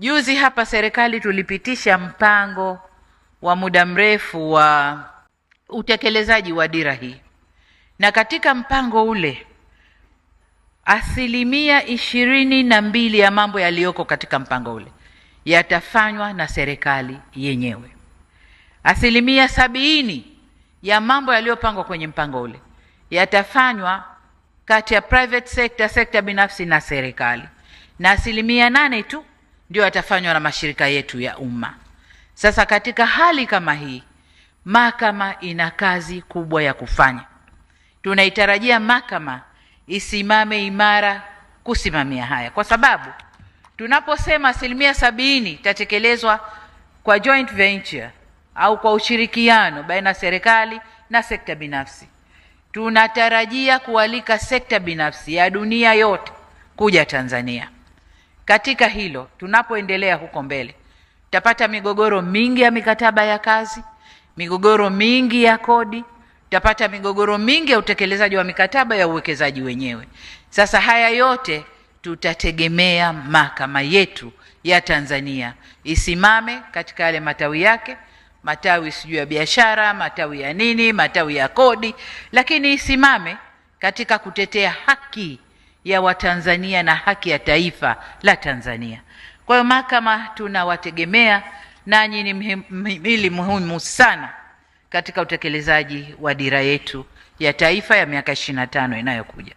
Juzi hapa serikali tulipitisha mpango wa muda mrefu wa utekelezaji wa dira hii, na katika mpango ule asilimia ishirini na mbili ya mambo yaliyoko katika mpango ule yatafanywa na serikali yenyewe. Asilimia sabini ya mambo yaliyopangwa kwenye mpango ule yatafanywa kati ya private sector, sekta binafsi na serikali, na asilimia nane tu ndio yatafanywa na mashirika yetu ya umma. Sasa katika hali kama hii, mahakama ina kazi kubwa ya kufanya. Tunaitarajia mahakama isimame imara kusimamia haya, kwa sababu tunaposema asilimia sabini itatekelezwa kwa joint venture au kwa ushirikiano baina ya serikali na sekta binafsi, tunatarajia kualika sekta binafsi ya dunia yote kuja Tanzania katika hilo tunapoendelea huko mbele, tutapata migogoro mingi ya mikataba ya kazi, migogoro mingi ya kodi, tutapata migogoro mingi ya utekelezaji wa mikataba ya uwekezaji wenyewe. Sasa haya yote tutategemea mahakama yetu ya Tanzania isimame katika yale matawi yake, matawi sijui ya biashara, matawi ya nini, matawi ya kodi, lakini isimame katika kutetea haki ya Watanzania na haki ya taifa la Tanzania. Kwa hiyo mahakama tunawategemea, nanyi ni mhimili muhimu sana katika utekelezaji wa dira yetu ya taifa ya miaka 25 inayokuja.